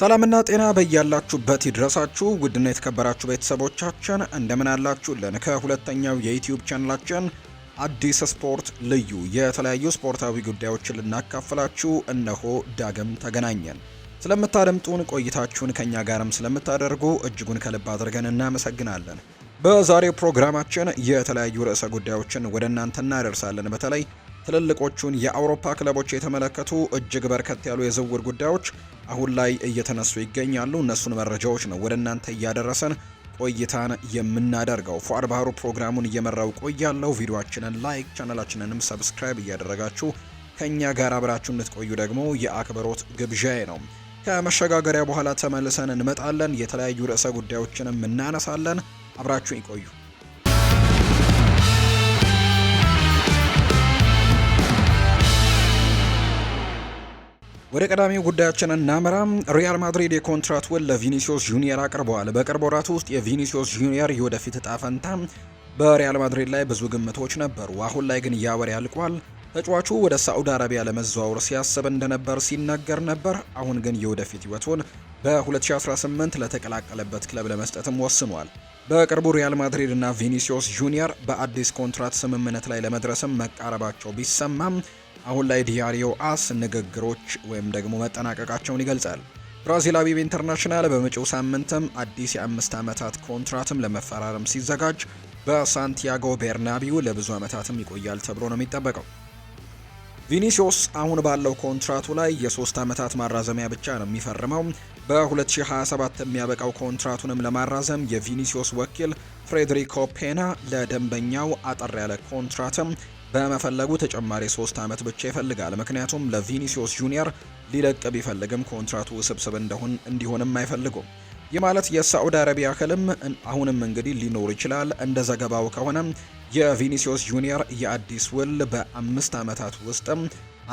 ሰላምና ጤና በያላችሁበት ይድረሳችሁ ውድና የተከበራችሁ ቤተሰቦቻችን እንደምን አላችሁልን? ከሁለተኛው የዩትዩብ ቻናላችን አዲስ ስፖርት ልዩ የተለያዩ ስፖርታዊ ጉዳዮችን ልናካፍላችሁ እነሆ ዳግም ተገናኘን። ስለምታደምጡን ቆይታችሁን ከእኛ ጋርም ስለምታደርጉ እጅጉን ከልብ አድርገን እናመሰግናለን። በዛሬው ፕሮግራማችን የተለያዩ ርዕሰ ጉዳዮችን ወደ እናንተ እናደርሳለን። በተለይ ትልልቆቹን የአውሮፓ ክለቦች የተመለከቱ እጅግ በርከት ያሉ የዝውውር ጉዳዮች አሁን ላይ እየተነሱ ይገኛሉ። እነሱን መረጃዎች ነው ወደ እናንተ እያደረሰን ቆይታን የምናደርገው። ፏድ ባህሩ ፕሮግራሙን እየመራው ቆያለሁ። ቪዲዮችንን ላይክ ቻናላችንንም ሰብስክራይብ እያደረጋችሁ ከእኛ ጋር አብራችሁ እንድትቆዩ ደግሞ የአክብሮት ግብዣዬ ነው። ከመሸጋገሪያ በኋላ ተመልሰን እንመጣለን። የተለያዩ ርዕሰ ጉዳዮችንም እናነሳለን። አብራችሁ ይቆዩ። ወደ ቀዳሚው ጉዳያችን እናመራም። ሪያል ማድሪድ የኮንትራት ውል ለቪኒሲዮስ ጁኒየር አቅርበዋል። በቅርብ ወራት ውስጥ የቪኒሲዮስ ጁኒየር የወደፊት እጣ ፈንታ በሪያል ማድሪድ ላይ ብዙ ግምቶች ነበሩ። አሁን ላይ ግን ያወር ያልቋል። ተጫዋቹ ወደ ሳዑዲ አረቢያ ለመዘዋወር ሲያስብ እንደነበር ሲናገር ነበር። አሁን ግን የወደፊት ህይወቱን በ2018 ለተቀላቀለበት ክለብ ለመስጠትም ወስኗል። በቅርቡ ሪያል ማድሪድ እና ቪኒሲዮስ ጁኒየር በአዲስ ኮንትራት ስምምነት ላይ ለመድረስም መቃረባቸው ቢሰማም አሁን ላይ ዲያሪዮ አስ ንግግሮች ወይም ደግሞ መጠናቀቃቸውን ይገልጻል። ብራዚላዊው ኢንተርናሽናል በመጪው ሳምንትም አዲስ የአምስት ዓመታት ኮንትራትም ለመፈራረም ሲዘጋጅ በሳንቲያጎ ቤርናቢው ለብዙ ዓመታትም ይቆያል ተብሎ ነው የሚጠበቀው። ቪኒሲዮስ አሁን ባለው ኮንትራቱ ላይ የሶስት ዓመታት ማራዘሚያ ብቻ ነው የሚፈርመው። በ2027 የሚያበቃው ኮንትራቱንም ለማራዘም የቪኒሲዮስ ወኪል ፍሬድሪኮ ፔና ለደንበኛው አጠር ያለ ኮንትራትም በመፈለጉ ተጨማሪ ሶስት ዓመት ብቻ ይፈልጋል። ምክንያቱም ለቪኒሲዮስ ጁኒየር ሊለቅ ቢፈልግም ኮንትራቱ ውስብስብ እንደሆን እንዲሆንም አይፈልጉም። ይህ ማለት የሳዑዲ አረቢያ ህልም አሁንም እንግዲህ ሊኖር ይችላል። እንደ ዘገባው ከሆነ የቪኒሲዮስ ጁኒየር የአዲስ ውል በአምስት ዓመታት ውስጥም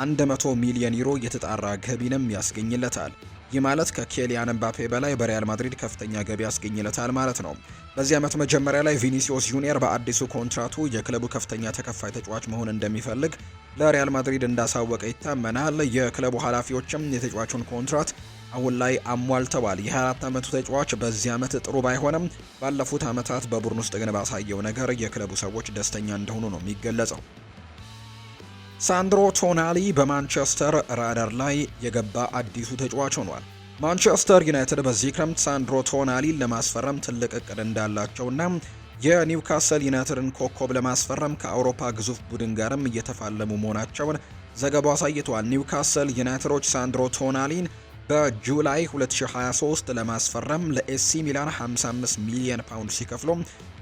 100 ሚሊዮን ዩሮ የተጣራ ገቢንም ያስገኝለታል። ይህ ማለት ከኬሊያን ምባፔ በላይ በሪያል ማድሪድ ከፍተኛ ገቢ ያስገኝለታል ማለት ነው። በዚህ ዓመት መጀመሪያ ላይ ቪኒሲዮስ ጁኒየር በአዲሱ ኮንትራቱ የክለቡ ከፍተኛ ተከፋይ ተጫዋች መሆን እንደሚፈልግ ለሪያል ማድሪድ እንዳሳወቀ ይታመናል። የክለቡ ኃላፊዎችም የተጫዋቹን ኮንትራት አሁን ላይ አሟልተዋል። የ24 ዓመቱ ተጫዋች በዚህ ዓመት ጥሩ ባይሆንም ባለፉት ዓመታት በቡድን ውስጥ ግን ባሳየው ነገር የክለቡ ሰዎች ደስተኛ እንደሆኑ ነው የሚገለጸው። ሳንድሮ ቶናሊ በማንቸስተር ራደር ላይ የገባ አዲሱ ተጫዋች ሆኗል። ማንቸስተር ዩናይትድ በዚህ ክረምት ሳንድሮ ቶናሊን ለማስፈረም ትልቅ እቅድ እንዳላቸውና የኒውካስል ዩናይትድን ኮከብ ለማስፈረም ከአውሮፓ ግዙፍ ቡድን ጋርም እየተፋለሙ መሆናቸውን ዘገባው አሳይቷል። ኒውካስል ዩናይትዶች ሳንድሮ ቶናሊን በጁላይ 2023 ለማስፈረም ለኤሲ ሚላን 55 ሚሊዮን ፓውንድ ሲከፍሉ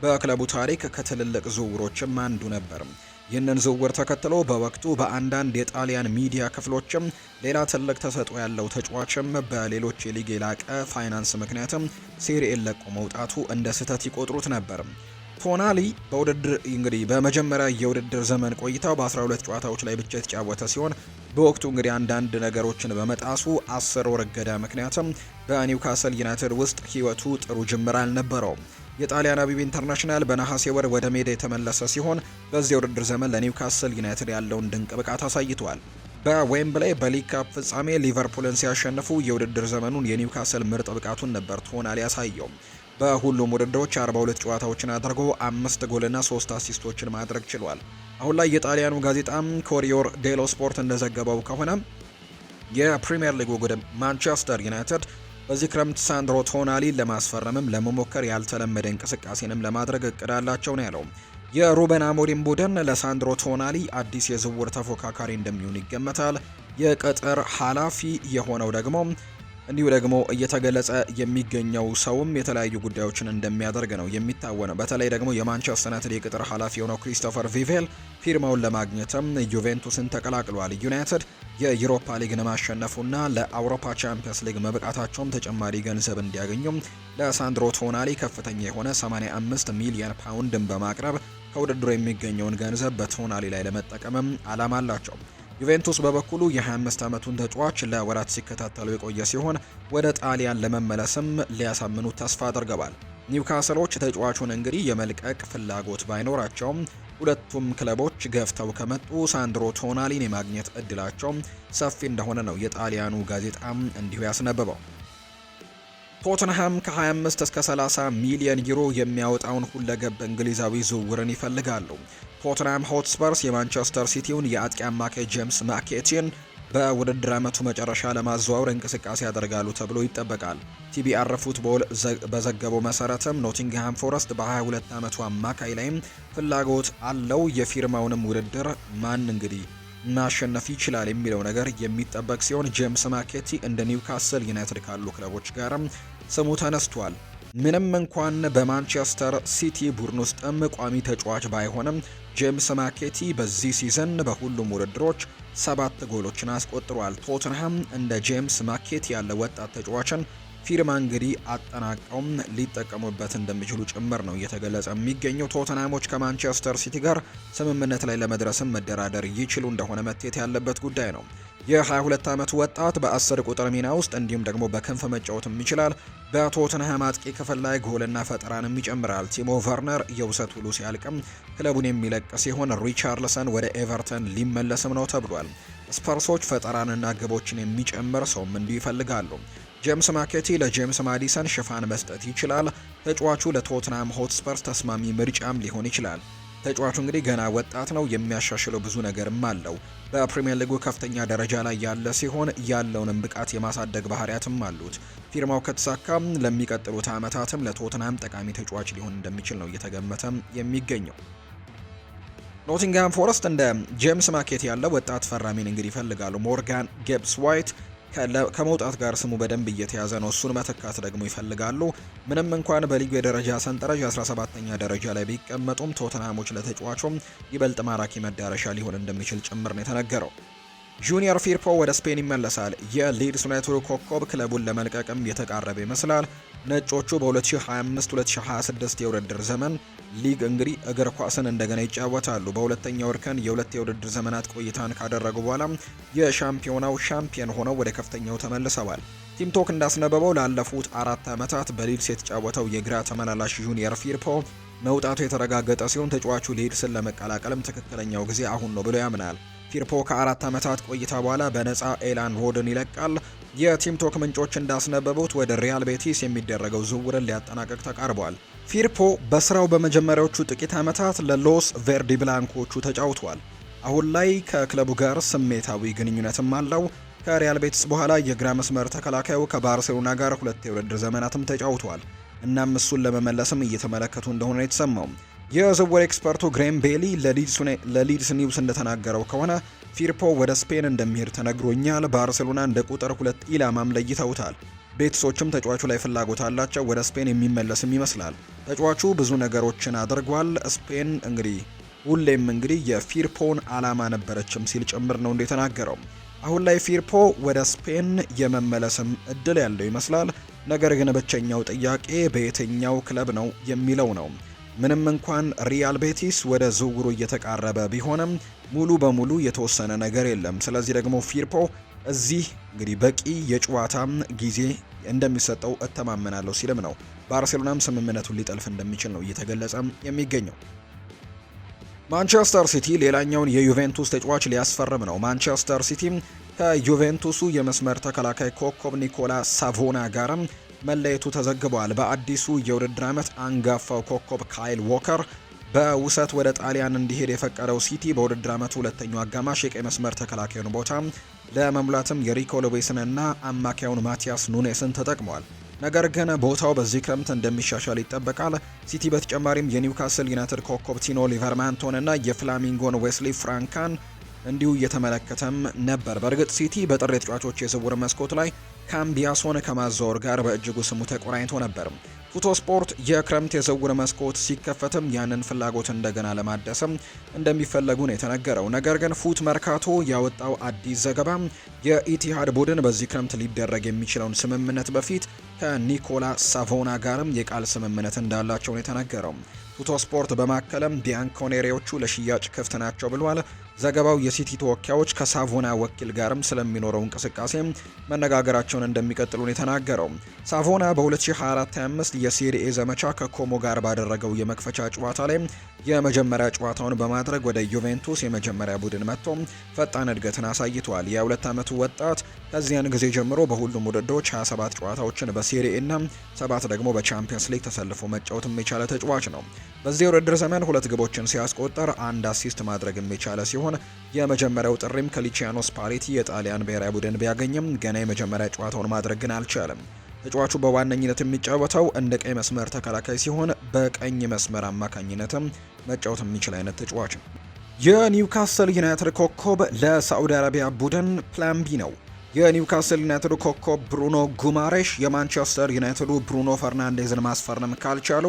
በክለቡ ታሪክ ከትልልቅ ዝውውሮችም አንዱ ነበር። ይህንን ዝውውር ተከትሎ በወቅቱ በአንዳንድ የጣሊያን ሚዲያ ክፍሎችም ሌላ ትልቅ ተሰጥኦ ያለው ተጫዋችም በሌሎች የሊግ የላቀ ፋይናንስ ምክንያትም ሴሪኤን ለቆ መውጣቱ እንደ ስህተት ይቆጥሩት ነበር። ቶናሊ በውድድር እንግዲህ በመጀመሪያ የውድድር ዘመን ቆይታው በ12 ጨዋታዎች ላይ ብቻ የተጫወተ ሲሆን በወቅቱ እንግዲህ አንዳንድ ነገሮችን በመጣሱ አስር ወር እገዳ ምክንያትም በኒውካስል ዩናይትድ ውስጥ ሕይወቱ ጥሩ ጅምር አልነበረውም። አቢብ ኢንተርናሽናል በነሐሴ ወር ወደ ሜዳ የተመለሰ ሲሆን በዚህ የውድድር ዘመን ለኒውካስል ዩናይትድ ያለውን ድንቅ ብቃት አሳይቷል። በዌምብላይ በሊግ ካፕ ፍጻሜ ሊቨርፑልን ሲያሸንፉ የውድድር ዘመኑን የኒውካስል ምርጥ ብቃቱን ነበር ትሆናል ያሳየው። በሁሉም ውድድሮች 42 ጨዋታዎችን አድርጎ አምስት ጎልና ሶስት አሲስቶችን ማድረግ ችሏል። አሁን ላይ የጣሊያኑ ጋዜጣም ኮሪዮር ዴሎ ስፖርት እንደዘገበው ከሆነ የፕሪምየር ሊግ ግድም ማንቸስተር ዩናይትድ በዚህ ክረምት ሳንድሮ ቶናሊን ለማስፈረምም ለመሞከር ያልተለመደ እንቅስቃሴንም ለማድረግ እቅዳላቸው ነው ያለው። የሩበን አሞሪም ቡድን ለሳንድሮ ቶናሊ አዲስ የዝውውር ተፎካካሪ እንደሚሆን ይገመታል። የቅጥር ኃላፊ የሆነው ደግሞ እንዲሁ ደግሞ እየተገለጸ የሚገኘው ሰውም የተለያዩ ጉዳዮችን እንደሚያደርግ ነው የሚታወነው። በተለይ ደግሞ የማንቸስተር ዩናይትድ የቅጥር ኃላፊ የሆነው ክሪስቶፈር ቪቬል ፊርማውን ለማግኘትም ዩቬንቱስን ተቀላቅሏል። ዩናይትድ የዩሮፓ ሊግን ማሸነፉና ለአውሮፓ ቻምፒየንስ ሊግ መብቃታቸውም ተጨማሪ ገንዘብ እንዲያገኙም ለሳንድሮ ቶናሊ ከፍተኛ የሆነ 85 ሚሊዮን ፓውንድን በማቅረብ ከውድድሩ የሚገኘውን ገንዘብ በቶናሊ ላይ ለመጠቀምም አላማ አላቸው። ዩቬንቱስ በበኩሉ የ25 ዓመቱን ተጫዋች ለወራት ሲከታተሉ የቆየ ሲሆን ወደ ጣሊያን ለመመለስም ሊያሳምኑ ተስፋ አድርገዋል። ኒውካስሎች ተጫዋቹን እንግዲህ የመልቀቅ ፍላጎት ባይኖራቸውም ሁለቱም ክለቦች ገፍተው ከመጡ ሳንድሮ ቶናሊን የማግኘት እድላቸው ሰፊ እንደሆነ ነው የጣሊያኑ ጋዜጣም እንዲሁ ያስነብበው። ቶትንሃም ከ25 እስከ 30 ሚሊዮን ዩሮ የሚያወጣውን ሁለገብ እንግሊዛዊ ዝውውርን ይፈልጋሉ። ቶትንሃም ሆትስፐርስ የማንቸስተር ሲቲውን የአጥቂ አማካይ ጄምስ ማኬቲን በውድድር ዓመቱ መጨረሻ ለማዘዋወር እንቅስቃሴ ያደርጋሉ ተብሎ ይጠበቃል። ቲቢአር ፉትቦል በዘገበው መሰረትም ኖቲንግሃም ፎረስት በ22 ዓመቱ አማካይ ላይም ፍላጎት አለው። የፊርማውንም ውድድር ማን እንግዲህ ማሸነፍ ይችላል የሚለው ነገር የሚጠበቅ ሲሆን ጄምስ ማኬቲ እንደ ኒውካስል ዩናይትድ ካሉ ክለቦች ጋርም ስሙ ተነስቷል። ምንም እንኳን በማንቸስተር ሲቲ ቡድን ውስጥም ቋሚ ተጫዋች ባይሆንም ጄምስ ማኬቲ በዚህ ሲዝን በሁሉም ውድድሮች ሰባት ጎሎችን አስቆጥሯል። ቶትንሃም እንደ ጄምስ ማኬቲ ያለ ወጣት ተጫዋችን ፊርማ እንግዲህ አጠናቀውም ሊጠቀሙበት እንደሚችሉ ጭምር ነው እየተገለጸ የሚገኘው። ቶተናሞች ከማንቸስተር ሲቲ ጋር ስምምነት ላይ ለመድረስም መደራደር ይችሉ እንደሆነ መቴት ያለበት ጉዳይ ነው። የ22 ዓመቱ ወጣት በ10 ቁጥር ሚና ውስጥ እንዲሁም ደግሞ በክንፍ መጫወትም ይችላል። በቶተንሃም አጥቂ ክፍል ላይ ጎልና ፈጠራንም ይጨምራል። ቲሞ ቨርነር የውሰት ውሉ ሲያልቅም ክለቡን የሚለቅ ሲሆን ሪቻርልሰን ወደ ኤቨርተን ሊመለስም ነው ተብሏል። ስፐርሶች ፈጠራንና ግቦችን የሚጨምር ሰውም እንዲሁ ይፈልጋሉ። ጄምስ ማኬቲ ለጄምስ ማዲሰን ሽፋን መስጠት ይችላል። ተጫዋቹ ለቶትንሃም ሆትስፐርስ ተስማሚ ምርጫም ሊሆን ይችላል። ተጫዋቹ እንግዲህ ገና ወጣት ነው። የሚያሻሽለው ብዙ ነገርም አለው። በፕሪምየር ሊጉ ከፍተኛ ደረጃ ላይ ያለ ሲሆን ያለውንም ብቃት የማሳደግ ባህሪያትም አሉት። ፊርማው ከተሳካ ለሚቀጥሉት ዓመታትም ለቶትናም ጠቃሚ ተጫዋች ሊሆን እንደሚችል ነው እየተገመተም የሚገኘው። ኖቲንግሃም ፎረስት እንደ ጄምስ ማኬት ያለ ወጣት ፈራሚን እንግዲህ ይፈልጋሉ። ሞርጋን ጌብስ ዋይት ከመውጣት ጋር ስሙ በደንብ እየተያዘ ነው። እሱን መተካት ደግሞ ይፈልጋሉ። ምንም እንኳን በሊጉ የደረጃ ሰንጠረዥ 17ኛ ደረጃ ላይ ቢቀመጡም ቶተናሞች ለተጫዋቹም ይበልጥ ማራኪ መዳረሻ ሊሆን እንደሚችል ጭምር ነው የተነገረው። ጁኒየር ፊርፖ ወደ ስፔን ይመለሳል። የሊድስ ዩናይትድ ኮከብ ክለቡን ለመልቀቅም የተቃረበ ይመስላል። ነጮቹ በ2025-2026 የውድድር ዘመን ሊግ እንግዲህ እግር ኳስን እንደገና ይጫወታሉ። በሁለተኛው እርከን የሁለት የውድድር ዘመናት ቆይታን ካደረጉ በኋላ የሻምፒዮናው ሻምፒየን ሆነው ወደ ከፍተኛው ተመልሰዋል። ቲምቶክ እንዳስነበበው ላለፉት አራት ዓመታት በሊድስ የተጫወተው የግራ ተመላላሽ ጁኒየር ፊርፖ መውጣቱ የተረጋገጠ ሲሆን ተጫዋቹ ሊድስን ለመቀላቀልም ትክክለኛው ጊዜ አሁን ነው ብሎ ያምናል። ፊርፖ ከአራት ዓመታት ቆይታ በኋላ በነፃ ኤላን ሮድን ይለቃል። የቲምቶክ ምንጮች እንዳስነበቡት ወደ ሪያል ቤቲስ የሚደረገው ዝውውርን ሊያጠናቀቅ ተቃርቧል። ፊርፖ በስራው በመጀመሪያዎቹ ጥቂት ዓመታት ለሎስ ቬርዲ ብላንኮቹ ተጫውቷል። አሁን ላይ ከክለቡ ጋር ስሜታዊ ግንኙነትም አለው። ከሪያል ቤቲስ በኋላ የግራ መስመር ተከላካዩ ከባርሴሎና ጋር ሁለት የውድድር ዘመናትም ተጫውቷል። እናም እሱን ለመመለስም እየተመለከቱ እንደሆነ የተሰማው የዝውውር ኤክስፐርቱ ግሬም ቤሊ ለሊድስ ኒውስ እንደተናገረው ከሆነ ፊርፖ ወደ ስፔን እንደሚሄድ ተነግሮኛል። ባርሴሎና እንደ ቁጥር ሁለት ኢላማም ለይተውታል። ቤትሶችም ተጫዋቹ ላይ ፍላጎት አላቸው። ወደ ስፔን የሚመለስም ይመስላል። ተጫዋቹ ብዙ ነገሮችን አድርጓል። ስፔን እንግዲህ ሁሌም እንግዲህ የፊርፖን አላማ ነበረችም ሲል ጭምር ነው እንደተናገረው አሁን ላይ ፊርፖ ወደ ስፔን የመመለስም እድል ያለው ይመስላል። ነገር ግን ብቸኛው ጥያቄ በየትኛው ክለብ ነው የሚለው ነው። ምንም እንኳን ሪያል ቤቲስ ወደ ዝውውሩ እየተቃረበ ቢሆንም ሙሉ በሙሉ የተወሰነ ነገር የለም። ስለዚህ ደግሞ ፊርፖ እዚህ እንግዲህ በቂ የጨዋታም ጊዜ እንደሚሰጠው እተማመናለሁ ሲልም ነው። ባርሴሎናም ስምምነቱን ሊጠልፍ እንደሚችል ነው እየተገለጸ የሚገኘው። ማንቸስተር ሲቲ ሌላኛውን የዩቬንቱስ ተጫዋች ሊያስፈርም ነው። ማንቸስተር ሲቲ ከዩቬንቱሱ የመስመር ተከላካይ ኮኮብ ኒኮላ ሳቮና ጋርም መለየቱ ተዘግቧል። በአዲሱ የውድድር ዓመት አንጋፋው ኮከብ ካይል ዎከር በውሰት ወደ ጣሊያን እንዲሄድ የፈቀደው ሲቲ በውድድር ዓመቱ ሁለተኛው አጋማሽ የቀይ መስመር ተከላካዩን ቦታ ለመሙላትም የሪኮ ሎቤስንና አማካዩን ማቲያስ ኑኔስን ተጠቅሟል። ነገር ግን ቦታው በዚህ ክረምት እንደሚሻሻል ይጠበቃል። ሲቲ በተጨማሪም የኒውካስል ዩናይትድ ኮከብ ቲኖ ሊቨርማንቶንና የፍላሚንጎን ዌስሊ ፍራንካን እንዲሁ እየተመለከተም ነበር። በእርግጥ ሲቲ በጥር ተጫዋቾች የዝውውር መስኮት ላይ ካምቢያሶን ከማዛወር ጋር በእጅጉ ስሙ ተቆራኝቶ ነበር። ፉቶ ስፖርት የክረምት የዝውውር መስኮት ሲከፈትም ያንን ፍላጎት እንደገና ለማደስም እንደሚፈለጉ ነው የተነገረው። ነገር ግን ፉት መርካቶ ያወጣው አዲስ ዘገባ የኢቲሃድ ቡድን በዚህ ክረምት ሊደረግ የሚችለውን ስምምነት በፊት ከኒኮላ ሳቮና ጋርም የቃል ስምምነት እንዳላቸው ነው የተነገረው። ፉቶ ስፖርት በማከለም ቢያንኮኔሬዎቹ ለሽያጭ ክፍት ናቸው ብሏል። ዘገባው የሲቲ ተወካዮች ከሳቮና ወኪል ጋርም ስለሚኖረው እንቅስቃሴ መነጋገራቸውን እንደሚቀጥሉ ነው የተናገረው። ሳቮና በ2024/25 የሴሪኤ ዘመቻ ከኮሞ ጋር ባደረገው የመክፈቻ ጨዋታ ላይ የመጀመሪያ ጨዋታውን በማድረግ ወደ ዩቬንቱስ የመጀመሪያ ቡድን መጥቶ ፈጣን እድገትን አሳይቷል። የሁለት ዓመቱ ወጣት ከዚያን ጊዜ ጀምሮ በሁሉም ውድድሮች 27 ጨዋታዎችን በሴሪ እና ሰባት ደግሞ በቻምፒየንስ ሊግ ተሰልፎ መጫወት የሚቻለ ተጫዋች ነው። በዚህ ውድድር ዘመን ሁለት ግቦችን ሲያስቆጠር አንድ አሲስት ማድረግ የሚቻለ ሲሆን የመጀመሪያው ጥሪም ከሊቺያኖ ስፓሌቲ የጣሊያን ብሔራዊ ቡድን ቢያገኝም ገና የመጀመሪያ ጨዋታውን ማድረግ ግን አልቻለም። ተጫዋቹ በዋነኝነት የሚጫወተው እንደ ቀኝ መስመር ተከላካይ ሲሆን በቀኝ መስመር አማካኝነትም መጫወት የሚችል አይነት ተጫዋች ነው። የኒውካስል ዩናይትድ ኮከብ ለሳዑዲ አረቢያ ቡድን ፕላን ቢ ነው። የኒውካስል ዩናይትድ ኮከብ ብሩኖ ጉማሬሽ የማንቸስተር ዩናይትዱ ብሩኖ ፈርናንዴዝን ማስፈረም ካልቻሉ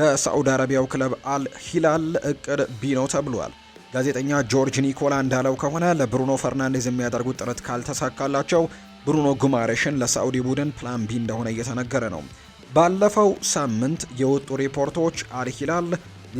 ለሳዑዲ አረቢያው ክለብ አል ሂላል እቅድ ቢ ነው ተብሏል። ጋዜጠኛ ጆርጅ ኒኮላ እንዳለው ከሆነ ለብሩኖ ፈርናንዴዝ የሚያደርጉት ጥረት ካልተሳካላቸው ብሩኖ ጉማሬሽን ለሳዑዲ ቡድን ፕላን ቢ እንደሆነ እየተነገረ ነው። ባለፈው ሳምንት የወጡ ሪፖርቶች አልሂላል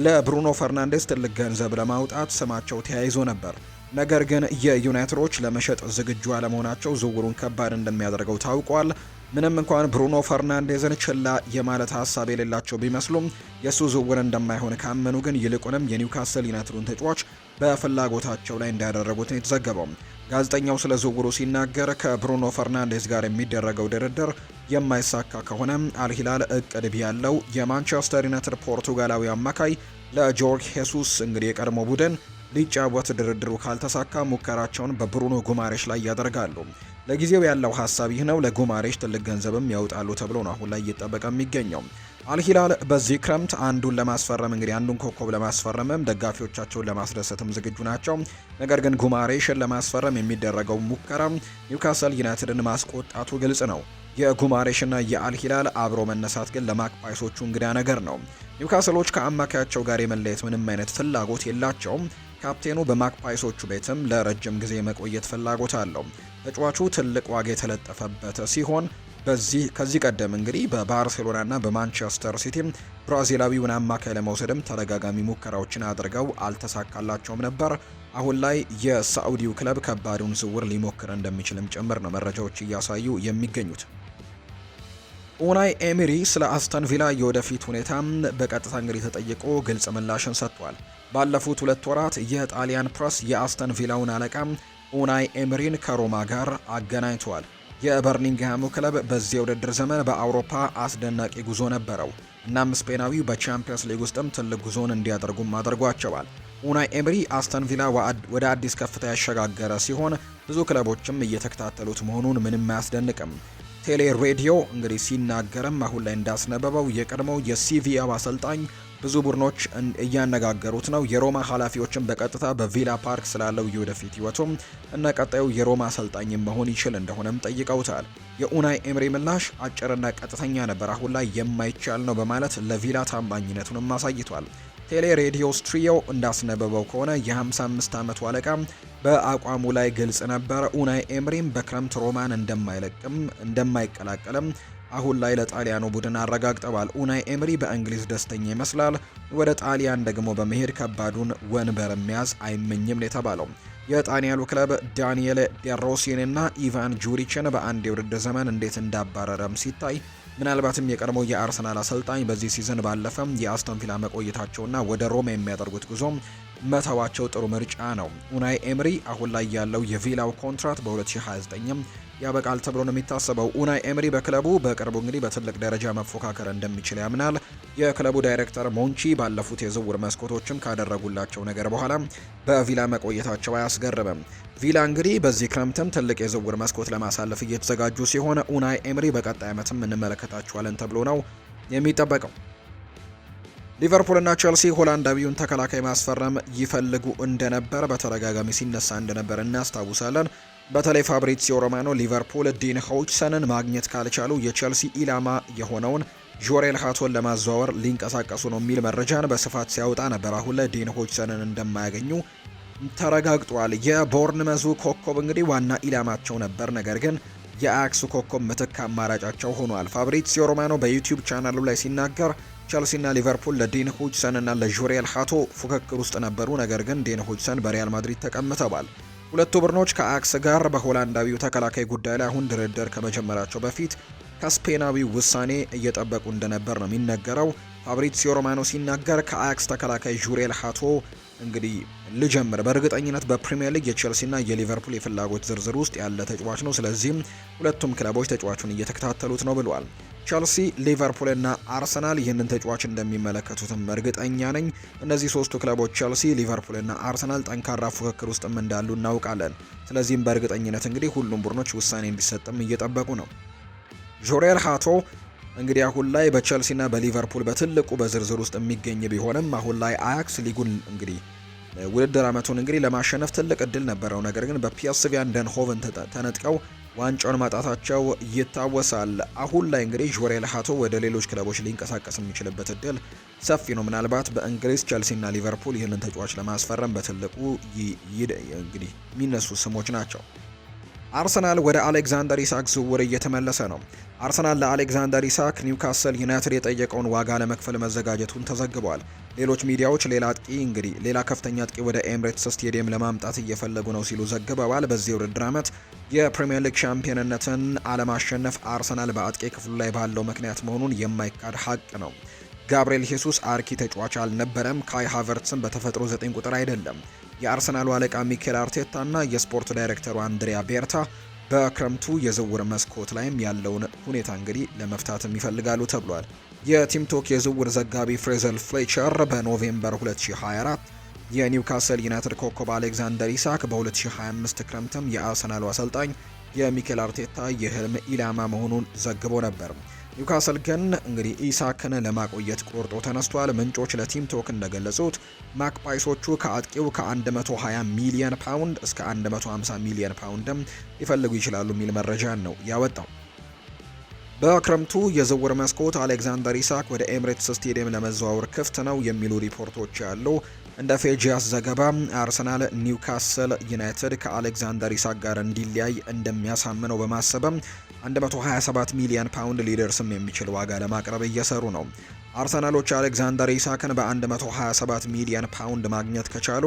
ለብሩኖ ፈርናንዴስ ትልቅ ገንዘብ ለማውጣት ስማቸው ተያይዞ ነበር። ነገር ግን የዩናይትዶች ለመሸጥ ዝግጁ አለመሆናቸው ዝውውሩን ከባድ እንደሚያደርገው ታውቋል። ምንም እንኳን ብሩኖ ፈርናንዴዝን ችላ የማለት ሀሳብ የሌላቸው ቢመስሉም የእሱ ዝውውር እንደማይሆን ካመኑ ግን ይልቁንም የኒውካስል ዩናይትዱን ተጫዋች በፍላጎታቸው ላይ እንዳያደረጉትን የተዘገበው ጋዜጠኛው ስለ ዝውውሩ ሲናገር ከብሩኖ ፈርናንዴስ ጋር የሚደረገው ድርድር የማይሳካ ከሆነ አልሂላል እቅድ ቢያለው የማንቸስተር ዩናይትድ ፖርቱጋላዊ አማካይ ለጆርጅ ሄሱስ እንግዲህ የቀድሞ ቡድን ሊጫወት ድርድሩ ካልተሳካ ሙከራቸውን በብሩኖ ጉማሬሽ ላይ ያደርጋሉ። ለጊዜው ያለው ሀሳብ ይህ ነው። ለጉማሬሽ ትልቅ ገንዘብም ያውጣሉ ተብሎ ነው አሁን ላይ እየጠበቀ የሚገኘው። አልሂላል በዚህ ክረምት አንዱን ለማስፈረም እንግዲህ አንዱን ኮከብ ለማስፈረምም ደጋፊዎቻቸውን ለማስደሰትም ዝግጁ ናቸው። ነገር ግን ጉማሬሽን ለማስፈረም የሚደረገው ሙከራ ኒውካስል ዩናይትድን ማስቆጣቱ ግልጽ ነው። የጉማሬሽና የአልሂላል አብሮ መነሳት ግን ለማቅፓይሶቹ እንግዳ ነገር ነው። ኒውካስሎች ከአማካያቸው ጋር የመለየት ምንም አይነት ፍላጎት የላቸውም። ካፕቴኑ በማክፓይሶቹ ቤትም ለረጅም ጊዜ መቆየት ፍላጎት አለው። ተጫዋቹ ትልቅ ዋጋ የተለጠፈበት ሲሆን በዚህ ከዚህ ቀደም እንግዲህ በባርሴሎናና በማንቸስተር ሲቲ ብራዚላዊውን አማካይ ለመውሰድም ተደጋጋሚ ሙከራዎችን አድርገው አልተሳካላቸውም ነበር። አሁን ላይ የሳዑዲው ክለብ ከባዱን ዝውውር ሊሞክር እንደሚችልም ጭምር ነው መረጃዎች እያሳዩ የሚገኙት። ኡናይ ኤሚሪ ስለ አስተን ቪላ የወደፊት ሁኔታ በቀጥታ እንግዲህ ተጠይቆ ግልጽ ምላሽን ሰጥቷል። ባለፉት ሁለት ወራት የጣሊያን ፕረስ የአስተን ቪላውን አለቃ ኡናይ ኤሚሪን ከሮማ ጋር አገናኝቷል። የበርሚንግሃሙ ክለብ በዚህ የውድድር ዘመን በአውሮፓ አስደናቂ ጉዞ ነበረው። እናም ስፔናዊው በቻምፒየንስ ሊግ ውስጥም ትልቅ ጉዞን እንዲያደርጉም አድርጓቸዋል። ኡናይ ኤምሪ አስተን ቪላ ወደ አዲስ ከፍታ ያሸጋገረ ሲሆን ብዙ ክለቦችም እየተከታተሉት መሆኑን ምንም አያስደንቅም። ቴሌ ሬዲዮ እንግዲህ ሲናገርም አሁን ላይ እንዳስነበበው የቀድሞው የሲቪያው አሰልጣኝ ብዙ ቡድኖች እያነጋገሩት ነው። የሮማ ኃላፊዎችን በቀጥታ በቪላ ፓርክ ስላለው የወደፊት ህይወቱም እና ቀጣዩ የሮማ አሰልጣኝም መሆን ይችል እንደሆነም ጠይቀውታል። የኡናይ ኤምሪ ምላሽ አጭርና ቀጥተኛ ነበር፣ አሁን ላይ የማይቻል ነው በማለት ለቪላ ታማኝነቱንም አሳይቷል። ቴሌ ሬዲዮ ስትሪዮ እንዳስነበበው ከሆነ የ55 ዓመቱ አለቃ በአቋሙ ላይ ግልጽ ነበረ። ኡናይ ኤምሪም በክረምት ሮማን እንደማይለቅም እንደማይቀላቀልም አሁን ላይ ለጣሊያኑ ቡድን አረጋግጠዋል። ኡናይ ኤምሪ በእንግሊዝ ደስተኛ ይመስላል። ወደ ጣሊያን ደግሞ በመሄድ ከባዱን ወንበር መያዝ አይመኝም ነው የተባለው። የጣሊያኑ ክለብ ዳንኤል ዴሮሲንና ኢቫን ጁሪችን በአንድ የውድድር ዘመን እንዴት እንዳባረረም ሲታይ ምናልባትም የቀድሞው የአርሰናል አሰልጣኝ በዚህ ሲዝን ባለፈ የአስቶን ቪላ መቆየታቸውና ወደ ሮማ የሚያደርጉት ጉዞ መተዋቸው ጥሩ ምርጫ ነው። ኡናይ ኤምሪ አሁን ላይ ያለው የቪላው ኮንትራት በ2029 ያበቃል ተብሎ ነው የሚታሰበው። ኡናይ ኤምሪ በክለቡ በቅርቡ እንግዲህ በትልቅ ደረጃ መፎካከር እንደሚችል ያምናል። የክለቡ ዳይሬክተር ሞንቺ ባለፉት የዝውውር መስኮቶችም ካደረጉላቸው ነገር በኋላ በቪላ መቆየታቸው አያስገርምም። ቪላ እንግዲህ በዚህ ክረምትም ትልቅ የዝውውር መስኮት ለማሳለፍ እየተዘጋጁ ሲሆን ኡናይ ኤምሪ በቀጣይ ዓመትም እንመለከታቸዋለን ተብሎ ነው የሚጠበቀው። ሊቨርፑልና ቸልሲ ሆላንዳዊውን ተከላካይ ማስፈረም ይፈልጉ እንደነበር በተደጋጋሚ ሲነሳ እንደነበር እናስታውሳለን። በተለይ ፋብሪሲዮ ሮማኖ ሊቨርፑል ዲን ሆችሰንን ማግኘት ካልቻሉ የቸልሲ ኢላማ የሆነውን ጆሬል ሃቶን ለማዘዋወር ሊንቀሳቀሱ ነው የሚል መረጃን በስፋት ሲያወጣ ነበር። አሁን ላይ ዲን ሆችሰንን እንደማያገኙ ተረጋግጧል። የቦርንመዙ ኮከብ እንግዲህ ዋና ኢላማቸው ነበር፣ ነገር ግን የአክሱ ኮከብ ምትክ አማራጫቸው ሆኗል። ፋብሪሲዮ ሮማኖ በዩቲዩብ ቻናሉ ላይ ሲናገር ቸልሲና ሊቨርፑል ለዲን ሁጅሰን እና ለዡሪየል ሃቶ ፉክክር ውስጥ ነበሩ፣ ነገር ግን ዲን ሁጅሰን በሪያል ማድሪድ ተቀምተዋል። ሁለቱ ቡድኖች ከአክስ ጋር በሆላንዳዊው ተከላካይ ጉዳይ ላይ አሁን ድርድር ከመጀመራቸው በፊት ከስፔናዊው ውሳኔ እየጠበቁ እንደነበር ነው የሚነገረው። ፋብሪሲዮ ሮማኖ ሲናገር ከአክስ ተከላካይ ዡሪየል ሃቶ እንግዲህ ልጀምር። በእርግጠኝነት በፕሪሚየር ሊግ የቼልሲና የሊቨርፑል የፍላጎት ዝርዝር ውስጥ ያለ ተጫዋች ነው። ስለዚህም ሁለቱም ክለቦች ተጫዋቹን እየተከታተሉት ነው ብሏል። ቸልሲ፣ ሊቨርፑል እና አርሰናል ይህንን ተጫዋች እንደሚመለከቱትም እርግጠኛ ነኝ። እነዚህ ሶስቱ ክለቦች ቸልሲ፣ ሊቨርፑል እና አርሰናል ጠንካራ ፉክክር ውስጥም እንዳሉ እናውቃለን። ስለዚህም በእርግጠኝነት እንግዲህ ሁሉም ቡድኖች ውሳኔ እንዲሰጥም እየጠበቁ ነው። ጆሬል ሃቶ እንግዲህ አሁን ላይ በቸልሲና በሊቨርፑል በትልቁ በዝርዝር ውስጥ የሚገኝ ቢሆንም አሁን ላይ አያክስ ሊጉን እንግዲህ ውድድር አመቱን እንግዲህ ለማሸነፍ ትልቅ እድል ነበረው። ነገር ግን በፒኤስቪ አይንድሆቨን ተነጥቀው ዋንጫውን ማጣታቸው ይታወሳል። አሁን ላይ እንግዲህ ዦሬል ልሃቶ ወደ ሌሎች ክለቦች ሊንቀሳቀስ የሚችልበት እድል ሰፊ ነው። ምናልባት በእንግሊዝ ቸልሲና ሊቨርፑል ይህንን ተጫዋች ለማስፈረም በትልቁ እንግዲህ የሚነሱ ስሞች ናቸው። አርሰናል ወደ አሌክዛንደር ኢሳክ ዝውውር እየተመለሰ ነው። አርሰናል ለአሌክዛንደር ኢሳክ ኒውካስል ዩናይትድ የጠየቀውን ዋጋ ለመክፈል መዘጋጀቱን ተዘግቧል። ሌሎች ሚዲያዎች ሌላ አጥቂ እንግዲህ ሌላ ከፍተኛ አጥቂ ወደ ኤምሬትስ ስቴዲየም ለማምጣት እየፈለጉ ነው ሲሉ ዘግበዋል። በዚህ ውድድር ዓመት የፕሪምየር ሊግ ሻምፒዮንነትን አለማሸነፍ አርሰናል በአጥቂ ክፍሉ ላይ ባለው ምክንያት መሆኑን የማይካድ ሀቅ ነው። ጋብሪኤል ሄሱስ አርኪ ተጫዋች አልነበረም። ካይ ሃቨርትስን በተፈጥሮ ዘጠኝ ቁጥር አይደለም። የአርሰናሉ አለቃ ሚኬል አርቴታ እና የስፖርት ዳይሬክተሩ አንድሪያ ቤርታ በክረምቱ የዝውውር መስኮት ላይም ያለውን ሁኔታ እንግዲህ ለመፍታትም ይፈልጋሉ ተብሏል። የቲምቶክ የዝውውር ዘጋቢ ፍሬዘል ፍሌቸር በኖቬምበር 2024 የኒውካስል ዩናይትድ ኮከብ አሌክዛንደር ኢሳክ በ2025 ክረምትም የአርሰናሉ አሰልጣኝ የሚኬል አርቴታ የህልም ኢላማ መሆኑን ዘግቦ ነበር። ኒውካስል ግን እንግዲህ ኢሳክን ለማቆየት ቆርጦ ተነስቷል። ምንጮች ለቲም ቶክ እንደገለጹት ማክፓይሶቹ ከአጥቂው ከ120 ሚሊዮን ፓውንድ እስከ 150 ሚሊዮን ፓውንድም ሊፈልጉ ይችላሉ የሚል መረጃ ነው ያወጣው። በክረምቱ የዝውውር መስኮት አሌክዛንደር ኢሳክ ወደ ኤምሬትስ ስቴዲየም ለመዘዋወር ክፍት ነው የሚሉ ሪፖርቶች ያሉ። እንደ ፌጂያስ ዘገባ አርሰናል ኒውካስል ዩናይትድ ከአሌክዛንደር ኢሳክ ጋር እንዲለያይ እንደሚያሳምነው በማሰብም 127 ሚሊዮን ፓውንድ ሊደርስም የሚችል ዋጋ ለማቅረብ እየሰሩ ነው። አርሰናሎች አሌክዛንደር ኢሳክን በ127 ሚሊዮን ፓውንድ ማግኘት ከቻሉ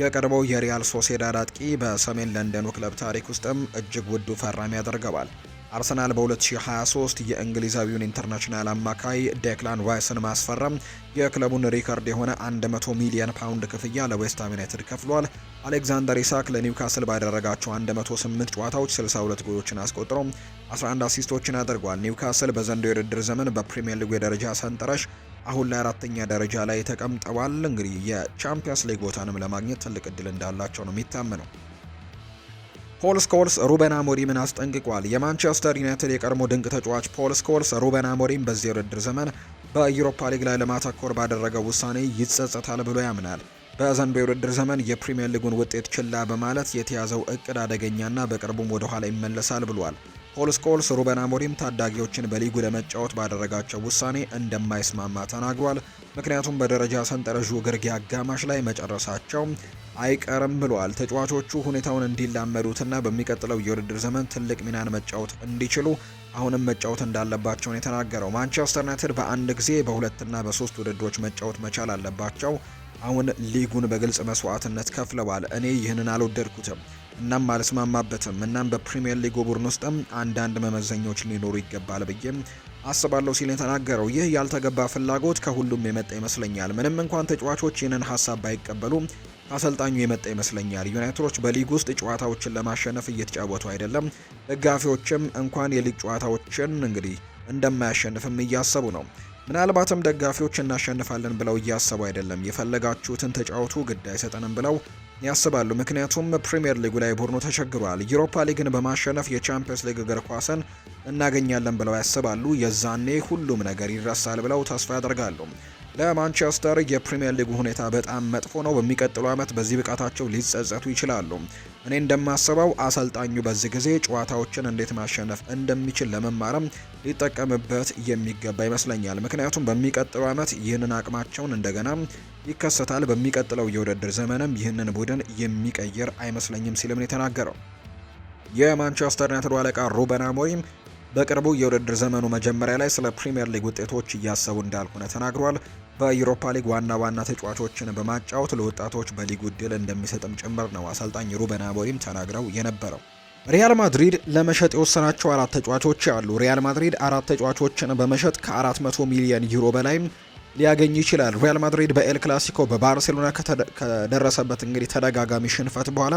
የቀድሞው የሪያል ሶሴዳድ አጥቂ በሰሜን ለንደኑ ክለብ ታሪክ ውስጥም እጅግ ውዱ ፈራሚ ያደርገዋል። አርሰናል በ2023 የእንግሊዛዊውን ኢንተርናሽናል አማካይ ዴክላን ዋይስን ማስፈረም የክለቡን ሪከርድ የሆነ 100 ሚሊዮን ፓውንድ ክፍያ ለዌስትሃም ዩናይትድ ከፍሏል። አሌክዛንደር ኢሳክ ለኒውካስል ባደረጋቸው 108 ጨዋታዎች 62 ጎሎችን አስቆጥሮ 11 አሲስቶችን አድርጓል። ኒውካስል በዘንድሮው የውድድር ዘመን በፕሪምየር ሊጉ የደረጃ ሰንጠረዥ አሁን ላይ አራተኛ ደረጃ ላይ ተቀምጠዋል። እንግዲህ የቻምፒየንስ ሊግ ቦታንም ለማግኘት ትልቅ እድል እንዳላቸው ነው የሚታመነው። ፖል ስኮልስ ሩበን አሞሪምን አስጠንቅቋል። የማንቸስተር ዩናይትድ የቀድሞ ድንቅ ተጫዋች ፖል ስኮልስ ሩበን አሞሪም በዚህ የውድድር ዘመን በዩሮፓ ሊግ ላይ ለማተኮር ባደረገው ውሳኔ ይጸጸታል ብሎ ያምናል። በዘንድሮው የውድድር ዘመን የፕሪምየር ሊጉን ውጤት ችላ በማለት የተያዘው እቅድ አደገኛና በቅርቡም ወደ ኋላ ይመለሳል ብሏል። ፖል ስኮልስ ሩበን አሞሪም ታዳጊዎችን በሊጉ ለመጫወት ባደረጋቸው ውሳኔ እንደማይስማማ ተናግሯል። ምክንያቱም በደረጃ ሰንጠረዡ ግርጌ አጋማሽ ላይ መጨረሳቸው አይቀርም ብሏል። ተጫዋቾቹ ሁኔታውን እንዲላመዱትና በሚቀጥለው የውድድር ዘመን ትልቅ ሚናን መጫወት እንዲችሉ አሁንም መጫወት እንዳለባቸው የተናገረው። ማንቸስተር ዩናይትድ በአንድ ጊዜ በሁለትና በሶስት ውድድሮች መጫወት መቻል አለባቸው። አሁን ሊጉን በግልጽ መስዋዕትነት ከፍለዋል። እኔ ይህንን አልወደድኩትም። እናም አልስማማበትም። እናም በፕሪምየር ሊግ ቡድን ውስጥም አንዳንድ መመዘኞች ሊኖሩ ይገባል ብዬም አስባለሁ ሲል የተናገረው ይህ ያልተገባ ፍላጎት ከሁሉም የመጣ ይመስለኛል። ምንም እንኳን ተጫዋቾች ይህንን ሀሳብ ባይቀበሉ አሰልጣኙ የመጣ ይመስለኛል። ዩናይትዶች በሊግ ውስጥ ጨዋታዎችን ለማሸነፍ እየተጫወቱ አይደለም። ደጋፊዎችም እንኳን የሊግ ጨዋታዎችን እንግዲህ እንደማያሸንፍም እያሰቡ ነው። ምናልባትም ደጋፊዎች እናሸንፋለን ብለው እያሰቡ አይደለም። የፈለጋችሁትን ተጫወቱ፣ ግድ አይሰጠንም ብለው ያስባሉ። ምክንያቱም ፕሪምየር ሊጉ ላይ ቡድኑ ተቸግሯል። ዩሮፓ ሊግን በማሸነፍ የቻምፒየንስ ሊግ እግር ኳስን እናገኛለን ብለው ያስባሉ። የዛኔ ሁሉም ነገር ይረሳል ብለው ተስፋ ያደርጋሉ። ለማንቸስተር የፕሪምየር ሊጉ ሁኔታ በጣም መጥፎ ነው። በሚቀጥሉ ዓመት በዚህ ብቃታቸው ሊጸጸቱ ይችላሉ። እኔ እንደማስበው አሰልጣኙ በዚህ ጊዜ ጨዋታዎችን እንዴት ማሸነፍ እንደሚችል ለመማረም ሊጠቀምበት የሚገባ ይመስለኛል። ምክንያቱም በሚቀጥሉ ዓመት ይህንን አቅማቸውን እንደገና ይከሰታል። በሚቀጥለው የውድድር ዘመንም ይህንን ቡድን የሚቀይር አይመስለኝም ሲልም የተናገረው። የማንቸስተር ዩናይትድ አለቃ ሩበን አሞሪም በቅርቡ የውድድር ዘመኑ መጀመሪያ ላይ ስለ ፕሪምየር ሊግ ውጤቶች እያሰቡ እንዳልሆነ ተናግሯል። በዩሮፓ ሊግ ዋና ዋና ተጫዋቾችን በማጫወት ለወጣቶች በሊጉ እድል እንደሚሰጥም ጭምር ነው አሰልጣኝ ሩበን አሞሪም ተናግረው የነበረው። ሪያል ማድሪድ ለመሸጥ የወሰናቸው አራት ተጫዋቾች አሉ። ሪያል ማድሪድ አራት ተጫዋቾችን በመሸጥ ከ400 ሚሊዮን ዩሮ በላይም ሊያገኙ ይችላል። ሪያል ማድሪድ በኤል ክላሲኮ በባርሴሎና ከደረሰበት እንግዲህ ተደጋጋሚ ሽንፈት በኋላ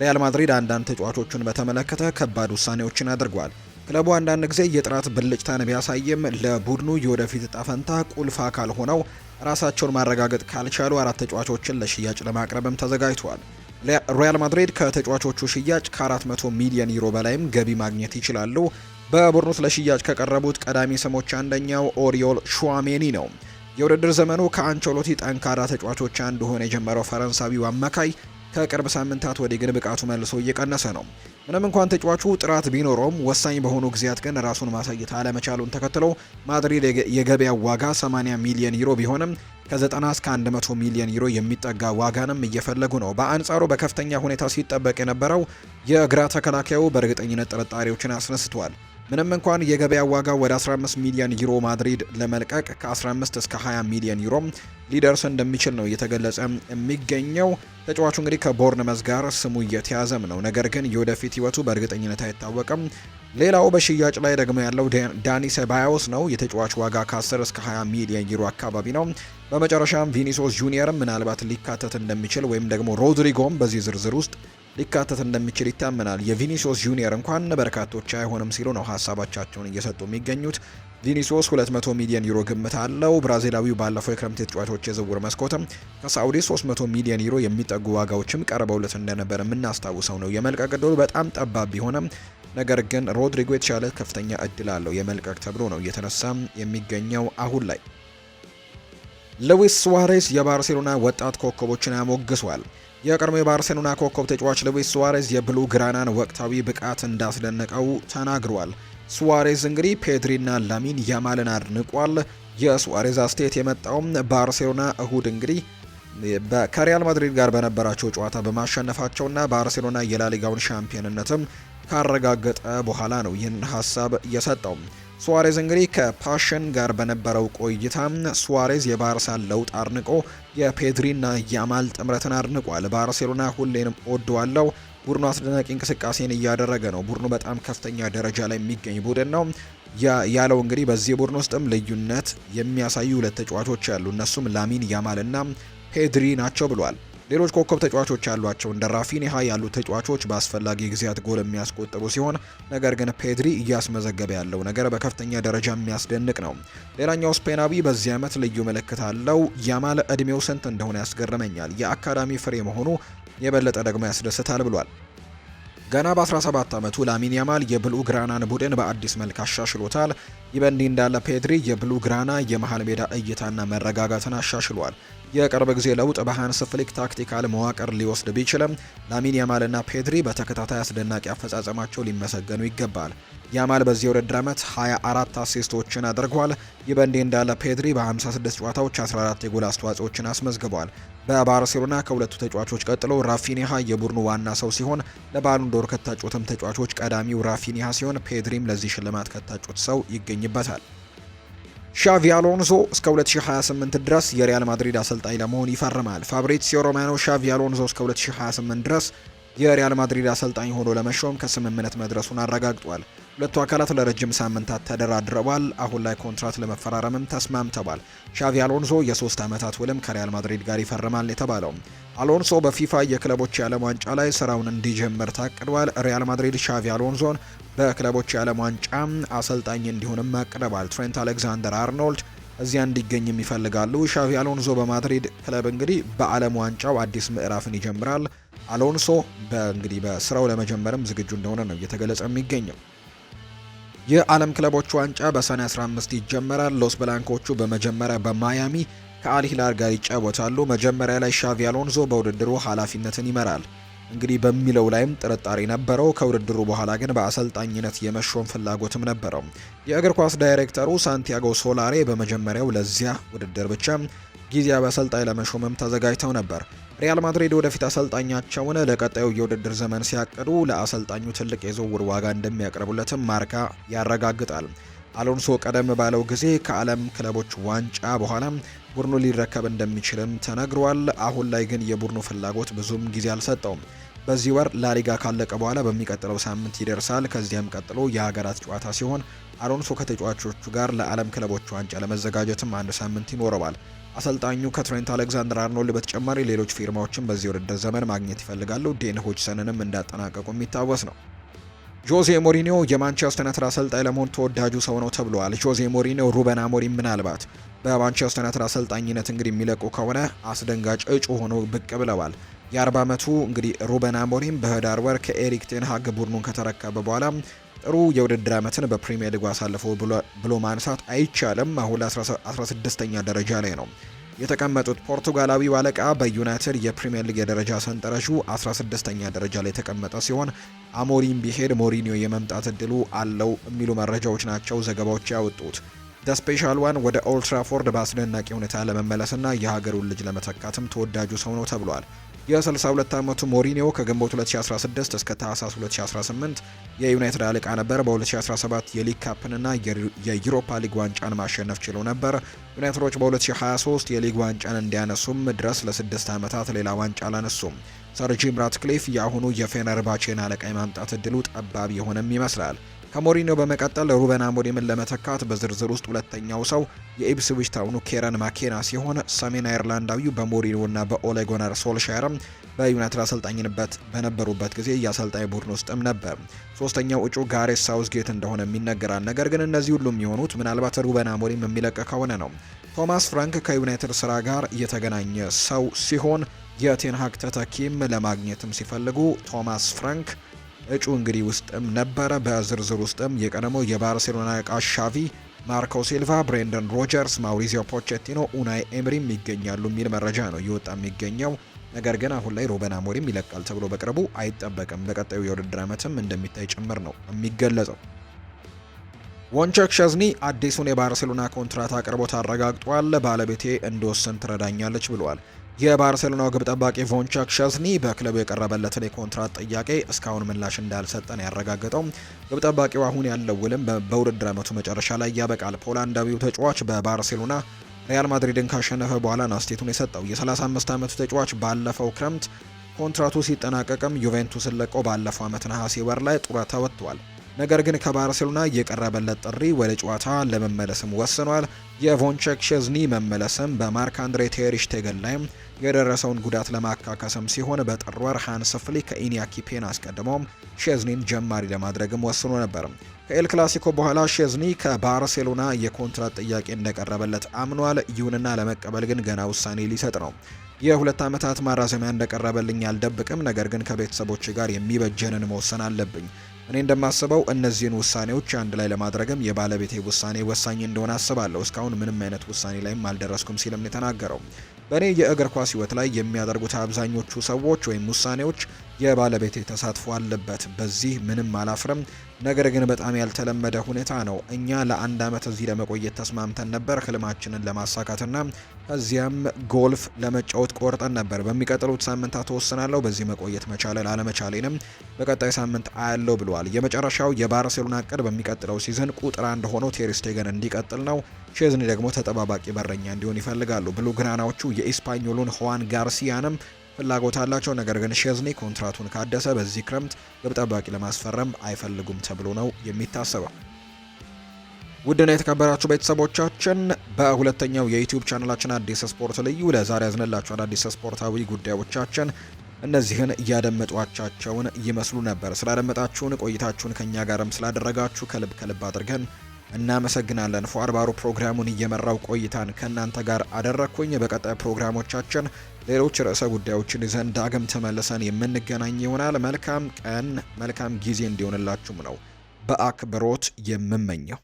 ሪያል ማድሪድ አንዳንድ ተጫዋቾቹን በተመለከተ ከባድ ውሳኔዎችን አድርጓል። ክለቡ አንዳንድ ጊዜ የጥራት ብልጭታን ቢያሳይም ለቡድኑ የወደፊት እጣ ፈንታ ቁልፍ አካል ሆነው ራሳቸውን ማረጋገጥ ካልቻሉ አራት ተጫዋቾችን ለሽያጭ ለማቅረብም ተዘጋጅቷል። ሪያል ማድሪድ ከተጫዋቾቹ ሽያጭ ከ400 ሚሊዮን ዩሮ በላይም ገቢ ማግኘት ይችላሉ። በቡድኑ ለሽያጭ ከቀረቡት ቀዳሚ ስሞች አንደኛው ኦሪዮል ሹዋሜኒ ነው። የውድድር ዘመኑ ከአንቸሎቲ ጠንካራ ተጫዋቾች አንዱ ሆነ የጀመረው ፈረንሳዊው አማካይ ከቅርብ ሳምንታት ወዲህ ግን ብቃቱ መልሶ እየቀነሰ ነው። ምንም እንኳን ተጫዋቹ ጥራት ቢኖረውም ወሳኝ በሆኑ ጊዜያት ግን ራሱን ማሳየት አለመቻሉን ተከትሎ ማድሪድ የገበያ ዋጋ 80 ሚሊዮን ዩሮ ቢሆንም ከ90 እስከ 100 ሚሊዮን ዩሮ የሚጠጋ ዋጋንም እየፈለጉ ነው። በአንጻሩ በከፍተኛ ሁኔታ ሲጠበቅ የነበረው የግራ ተከላካዩ በእርግጠኝነት ጥርጣሬዎችን አስነስቷል። ምንም እንኳን የገበያ ዋጋ ወደ 15 ሚሊዮን ዩሮ ማድሪድ ለመልቀቅ ከ15 እስከ 20 ሚሊዮን ዩሮ ሊደርስ እንደሚችል ነው እየተገለጸ የሚገኘው። ተጫዋቹ እንግዲህ ከቦርንመዝ ጋር ስሙ እየተያዘም ነው፣ ነገር ግን የወደፊት ህይወቱ በእርግጠኝነት አይታወቅም። ሌላው በሽያጭ ላይ ደግሞ ያለው ዳኒ ሴባዮስ ነው። የተጫዋች ዋጋ ከ10 እስከ 20 ሚሊዮን ዩሮ አካባቢ ነው። በመጨረሻም ቪኒሶስ ጁኒየርም ምናልባት ሊካተት እንደሚችል ወይም ደግሞ ሮድሪጎም በዚህ ዝርዝር ውስጥ ሊካተት እንደሚችል ይታመናል። የቪኒሲዮስ ጁኒየር እንኳን በርካቶች አይሆንም ሲሉ ነው ሀሳባቻቸውን እየሰጡ የሚገኙት። ቪኒሲዮስ 200 ሚሊዮን ዩሮ ግምት አለው። ብራዚላዊው ባለፈው የክረምት የተጫዋቾች የዝውውር መስኮትም ከሳዑዲ 300 ሚሊዮን ዩሮ የሚጠጉ ዋጋዎችም ቀርበውለት እንደነበር የምናስታውሰው ነው። የመልቀቅ ዕድሉ በጣም ጠባብ ቢሆንም ነገር ግን ሮድሪጎ የተሻለ ከፍተኛ እድል አለው የመልቀቅ ተብሎ ነው እየተነሳ የሚገኘው አሁን ላይ። ሉዊስ ሱዋሬስ የባርሴሎና ወጣት ኮከቦችን ያሞግሷል። የቀድሞ የባርሴሎና ኮከብ ተጫዋች ሉዊስ ሱዋሬዝ የብሉ ግራናን ወቅታዊ ብቃት እንዳስደነቀው ተናግሯል። ሱዋሬዝ እንግዲህ ፔድሪና ላሚን ያማልን አድንቋል። የሱዋሬዝ አስተያየት የመጣውም ባርሴሎና እሁድ እንግዲህ ከሪያል ማድሪድ ጋር በነበራቸው ጨዋታ በማሸነፋቸውና ባርሴሎና የላሊጋውን ሻምፒዮንነትም ካረጋገጠ በኋላ ነው ይህን ሀሳብ የሰጠው። ሱዋሬዝ እንግዲህ ከፓሽን ጋር በነበረው ቆይታ ሱዋሬዝ የባርሳን ለውጥ አድንቆ የፔድሪና ያማል ጥምረትን አድንቋል። ባርሴሎና ሁሌንም ወደዋለው ቡድኑ አስደናቂ እንቅስቃሴን እያደረገ ነው። ቡድኑ በጣም ከፍተኛ ደረጃ ላይ የሚገኝ ቡድን ነው ያለው እንግዲህ በዚህ ቡድን ውስጥም ልዩነት የሚያሳዩ ሁለት ተጫዋቾች አሉ እነሱም ላሚን ያማልና ፔድሪ ናቸው ብሏል። ሌሎች ኮከብ ተጫዋቾች ያሏቸው እንደ ራፊኒሃ ያሉ ተጫዋቾች በአስፈላጊ ጊዜያት ጎል የሚያስቆጥሩ ሲሆን ነገር ግን ፔድሪ እያስመዘገበ ያለው ነገር በከፍተኛ ደረጃ የሚያስደንቅ ነው። ሌላኛው ስፔናዊ በዚህ ዓመት ልዩ ምልክት አለው። ያማል እድሜው ስንት እንደሆነ ያስገርመኛል። የአካዳሚ ፍሬ መሆኑ የበለጠ ደግሞ ያስደስታል ብሏል። ገና በ17 ዓመቱ ላሚን ያማል የብሉ ግራናን ቡድን በአዲስ መልክ አሻሽሎታል። ይህ በእንዲህ እንዳለ ፔድሪ የብሉ ግራና የመሃል ሜዳ እይታና መረጋጋትን አሻሽሏል። የቅርብ ጊዜ ለውጥ በሃንስ ፍሊክ ታክቲካል መዋቅር ሊወስድ ቢችልም ላሚን ያማልና ፔድሪ በተከታታይ አስደናቂ አፈጻጸማቸው ሊመሰገኑ ይገባል። ያማል በዚህ ውድድር ዓመት 24 አሲስቶችን አድርጓል። ይህ በእንዲህ እንዳለ ፔድሪ በ56 ጨዋታዎች 14 የጎል አስተዋጽኦችን አስመዝግቧል። በባርሴሎና ከሁለቱ ተጫዋቾች ቀጥሎ ራፊኒሃ የቡድኑ ዋና ሰው ሲሆን ለባሉንዶር ከታጩትም ተጫዋቾች ቀዳሚው ራፊኒሃ ሲሆን ፔድሪም ለዚህ ሽልማት ከታጩት ሰው ይገኝበታል። ሻቪ አሎንሶ እስከ 2028 ድረስ የሪያል ማድሪድ አሰልጣኝ ለመሆን ይፈርማል። ፋብሪሲዮ ሮማኖ ሻቪ አሎንሶ እስከ 2028 ድረስ የሪያል ማድሪድ አሰልጣኝ ሆኖ ለመሾም ከስምምነት መድረሱን አረጋግጧል። ሁለቱ አካላት ለረጅም ሳምንታት ተደራድረዋል። አሁን ላይ ኮንትራት ለመፈራረምም ተስማምተዋል። ሻቪ አሎንሶ የሶስት ዓመታት ውልም ከሪያል ማድሪድ ጋር ይፈርማል የተባለው አሎንሶ በፊፋ የክለቦች የዓለም ዋንጫ ላይ ስራውን እንዲጀምር ታቅዷል። ሪያል ማድሪድ ሻቪ አሎንሶን በክለቦች የዓለም ዋንጫ አሰልጣኝ እንዲሆንም አቅደዋል። ትሬንት አሌክዛንደር አርኖልድ እዚያ እንዲገኝም ይፈልጋሉ። ሻቪ አሎንሶ በማድሪድ ክለብ እንግዲህ በዓለም ዋንጫው አዲስ ምዕራፍን ይጀምራል። አሎንሶ በእንግዲህ በስራው ለመጀመርም ዝግጁ እንደሆነ ነው እየተገለጸ የሚገኘው። የዓለም ክለቦች ዋንጫ በሰኔ 15 ይጀመራል። ሎስ ብላንኮቹ በመጀመሪያ በማያሚ ከአልሂላል ጋር ይጫወታሉ። መጀመሪያ ላይ ሻቪ አሎንዞ በውድድሩ ኃላፊነትን ይመራል። እንግዲህ በሚለው ላይም ጥርጣሬ ነበረው። ከውድድሩ በኋላ ግን በአሰልጣኝነት የመሾም ፍላጎትም ነበረው። የእግር ኳስ ዳይሬክተሩ ሳንቲያጎ ሶላሬ በመጀመሪያው ለዚያ ውድድር ብቻ ጊዜያዊ አሰልጣኝ ለመሾምም ተዘጋጅተው ነበር። ሪያል ማድሪድ ወደፊት አሰልጣኛቸውን ለቀጣዩ የውድድር ዘመን ሲያቅዱ ለአሰልጣኙ ትልቅ የዝውውር ዋጋ እንደሚያቀርቡለትም ማርካ ያረጋግጣል። አሎንሶ ቀደም ባለው ጊዜ ከዓለም ክለቦች ዋንጫ በኋላ ቡድኑ ሊረከብ እንደሚችልም ተነግሯል። አሁን ላይ ግን የቡድኑ ፍላጎት ብዙም ጊዜ አልሰጠውም። በዚህ ወር ላሊጋ ካለቀ በኋላ በሚቀጥለው ሳምንት ይደርሳል። ከዚያም ቀጥሎ የሀገራት ጨዋታ ሲሆን አሎንሶ ከተጫዋቾቹ ጋር ለዓለም ክለቦች ዋንጫ ለመዘጋጀትም አንድ ሳምንት ይኖረዋል። አሰልጣኙ ከትሬንት አሌክዛንደር አርኖልድ በተጨማሪ ሌሎች ፊርማዎችን በዚህ ውድድር ዘመን ማግኘት ይፈልጋሉ። ዴን ሆችሰንንም እንዳጠናቀቁ የሚታወስ ነው። ጆዜ ሞሪኒዮ የማንቸስተር ዩናይትድ አሰልጣኝ ለመሆን ተወዳጁ ሰው ነው ተብለዋል። ጆዜ ሞሪኒዮ ሩበን አሞሪም ምናልባት በማንቸስተር ዩናይትድ አሰልጣኝነት እንግዲህ የሚለቁ ከሆነ አስደንጋጭ እጩ ሆኖ ብቅ ብለዋል። የ40 ዓመቱ እንግዲህ ሩበን አሞሪም በህዳር ወር ከኤሪክ ቴንሃግ ቡድኑን ከተረከበ በኋላ ጥሩ የውድድር ዓመትን በፕሪሚየር ሊጉ አሳልፎ ብሎ ማንሳት አይቻልም። አሁን 16ኛ ደረጃ ላይ ነው የተቀመጡት። ፖርቱጋላዊ አለቃ በዩናይትድ የፕሪሚየር ሊግ የደረጃ ሰንጠረዡ 16ኛ ደረጃ ላይ የተቀመጠ ሲሆን አሞሪም ቢሄድ ሞሪኒዮ የመምጣት እድሉ አለው የሚሉ መረጃዎች ናቸው ዘገባዎች ያወጡት። ስፔሻል ዋን ወደ ኦልትራፎርድ በአስደናቂ ሁኔታ ለመመለስና የሀገሩን ልጅ ለመተካትም ተወዳጁ ሰው ነው ተብሏል። የ62 ዓመቱ ሞሪኒዮ ከግንቦት 2016 እስከ ታህሳስ 2018 የዩናይትድ አለቃ ነበር። በ2017 የሊግ ካፕንና የዩሮፓ ሊግ ዋንጫን ማሸነፍ ችሎ ነበር። ዩናይትዶች በ2023 የሊግ ዋንጫን እንዲያነሱም ድረስ ለ ለ6 ዓመታት ሌላ ዋንጫ አላነሱም። ሰር ጂም ራትክሊፍ የአሁኑ የፌነርባቼን አለቃ የማምጣት እድሉ ጠባብ የሆነም ይመስላል። ከሞሪኒዮ በመቀጠል ሩበን አሞሪምን ለመተካት በዝርዝር ውስጥ ሁለተኛው ሰው የኢፕስዊች ታውኑ ኬረን ማኬና ሲሆን ሰሜን አይርላንዳዊው በሞሪኒዮና እና በኦሌጎናር ሶልሻርም በዩናይትድ አሰልጣኝነት በነበሩበት ጊዜ የአሰልጣኝ ቡድን ውስጥም ነበር። ሶስተኛው እጩ ጋሬስ ሳውዝጌት እንደሆነ የሚነገራል። ነገር ግን እነዚህ ሁሉም የሆኑት ምናልባት ሩበን አሞሪም የሚለቅ ከሆነ ነው። ቶማስ ፍራንክ ከዩናይትድ ስራ ጋር የተገናኘ ሰው ሲሆን የቴንሃግ ተተኪም ለማግኘትም ሲፈልጉ ቶማስ ፍራንክ እጩ እንግዲህ ውስጥም ነበረ። በዝርዝር ውስጥም የቀደመው የባርሴሎና እቃ ሻቪ፣ ማርኮ ሲልቫ፣ ብሬንደን ሮጀርስ፣ ማውሪዚዮ ፖቼቲኖ፣ ኡናይ ኤምሪም ይገኛሉ የሚል መረጃ ነው እየወጣ የሚገኘው። ነገር ግን አሁን ላይ ሮበን አሞሪም ይለቃል ተብሎ በቅርቡ አይጠበቅም። በቀጣዩ የውድድር ዓመትም እንደሚታይ ጭምር ነው የሚገለጸው። ወንቸክ ሸዝኒ አዲሱን የባርሴሎና ኮንትራት አቅርቦት አረጋግጧል። ባለቤቴ እንደወሰን ትረዳኛለች ብለዋል። የባርሴሎናው ግብ ጠባቂ ቮንቻክ ሸዝኒ በክለቡ የቀረበለትን የኮንትራት ጥያቄ እስካሁን ምላሽ እንዳልሰጠን ያረጋገጠው ግብ ጠባቂው አሁን ያለው ውልም በውድድር ዓመቱ መጨረሻ ላይ ያበቃል። ፖላንዳዊው ተጫዋች በባርሴሎና ሪያል ማድሪድን ካሸነፈ በኋላ ነው አስቴቱን የሰጠው። የ35 ዓመቱ ተጫዋች ባለፈው ክረምት ኮንትራቱ ሲጠናቀቅም ዩቬንቱስን ለቆ ባለፈው ዓመት ነሐሴ ወር ላይ ጡረታ ወጥቷል። ነገር ግን ከባርሴሎና የቀረበለት ጥሪ ወደ ጨዋታ ለመመለስም ወስኗል። የቮንቸክ ሸዝኒ መመለስም በማርክ አንድሬ ቴርሽቴገን ላይ የደረሰውን ጉዳት ለማካካሰም ሲሆን በጥር ወር ሃንስ ፍሊክ ከኢኒያኪ ፔን አስቀድሞም ሼዝኒን ጀማሪ ለማድረግም ወስኖ ነበር። ከኤል ክላሲኮ በኋላ ሼዝኒ ከባርሴሎና የኮንትራት ጥያቄ እንደቀረበለት አምኗል። ይሁንና ለመቀበል ግን ገና ውሳኔ ሊሰጥ ነው። የሁለት ዓመታት ማራዘሚያ እንደቀረበልኝ አልደብቅም፣ ነገር ግን ከቤተሰቦች ጋር የሚበጀንን መወሰን አለብኝ እኔ እንደማስበው እነዚህን ውሳኔዎች አንድ ላይ ለማድረግም የባለቤቴ ውሳኔ ወሳኝ እንደሆነ አስባለሁ። እስካሁን ምንም አይነት ውሳኔ ላይም አልደረስኩም ሲልም የተናገረው በእኔ የእግር ኳስ ህይወት ላይ የሚያደርጉት አብዛኞቹ ሰዎች ወይም ውሳኔዎች የባለቤቴ ተሳትፎ አለበት። በዚህ ምንም አላፍርም። ነገር ግን በጣም ያልተለመደ ሁኔታ ነው። እኛ ለአንድ ዓመት እዚህ ለመቆየት ተስማምተን ነበር ህልማችንን ለማሳካትና ከዚያም ጎልፍ ለመጫወት ቆርጠን ነበር። በሚቀጥሉት ሳምንታት ተወስናለሁ። በዚህ መቆየት መቻለል አለመቻሌንም በቀጣይ ሳምንት አያለው ብለዋል። የመጨረሻው የባርሴሎና እቅድ በሚቀጥለው ሲዝን ቁጥር አንድ ሆኖ ቴሪስቴገን እንዲቀጥል ነው። ሼዝኒ ደግሞ ተጠባባቂ በረኛ እንዲሆን ይፈልጋሉ። ብሉ ግራናዎቹ የኢስፓኞሉን ሁዋን ጋርሲያንም ፍላጎት አላቸው። ነገር ግን ሼዝኒ ኮንትራቱን ካደሰ በዚህ ክረምት ግብ ጠባቂ ለማስፈረም አይፈልጉም ተብሎ ነው የሚታሰበው። ውድና የተከበራችሁ ቤተሰቦቻችን በሁለተኛው የዩቲዩብ ቻናላችን አዲስ ስፖርት ልዩ ለዛሬ ያዝንላችሁ አዳዲስ ስፖርታዊ ጉዳዮቻችን እነዚህን እያደመጧቻቸውን ይመስሉ ነበር። ስላደመጣችሁን ቆይታችሁን ከእኛ ጋርም ስላደረጋችሁ ከልብ ከልብ አድርገን እናመሰግናለን። ፎአር ፕሮግራሙን እየመራው ቆይታን ከእናንተ ጋር አደረግኩኝ። በቀጣይ ፕሮግራሞቻችን ሌሎች ርዕሰ ጉዳዮችን ይዘን ዳግም ተመልሰን የምንገናኝ ይሆናል። መልካም ቀን፣ መልካም ጊዜ እንዲሆንላችሁም ነው በአክብሮት የምመኘው።